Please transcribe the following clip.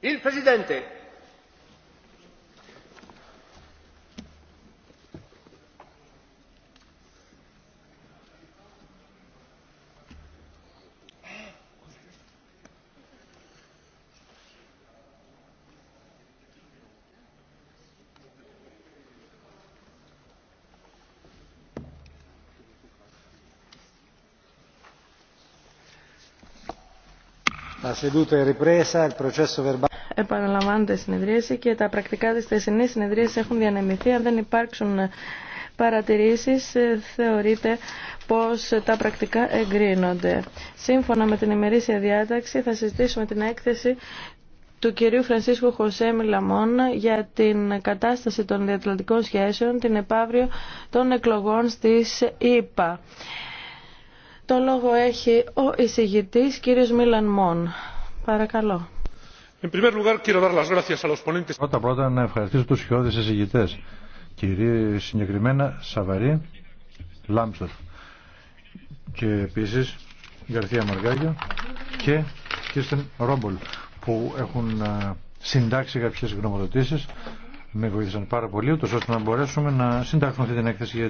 Il Presidente. La seduta è ripresa, il processo verbale επαναλαμβάνονται συνεδρίαση και τα πρακτικά της θεσινής συνεδρίασης έχουν διανεμηθεί. Αν δεν υπάρξουν παρατηρήσεις, ε, θεωρείται πως τα πρακτικά εγκρίνονται. Σύμφωνα με την ημερήσια διάταξη, θα συζητήσουμε την έκθεση του κυρίου Φρανσίσκου Χωσέ Μιλαμόν για την κατάσταση των διατλαντικών σχέσεων την επαύριο των εκλογών στις ΗΠΑ. Το λόγο έχει ο εισηγητής κύριος Μίλαν Παρακαλώ. Πρώτα πρώτα να ευχαριστήσω τους χιώδες εισηγητές, κύριε συγκεκριμένα Σαβαρή, Λάμπστορφ και επίσης Γαρθία Μαργάγιο και Κίστεν Ρόμπολ που έχουν συντάξει κάποιες γνωμοδοτήσεις με βοήθησαν πάρα πολύ ούτως ώστε να μπορέσουμε να συντάξουμε αυτή την έκθεση για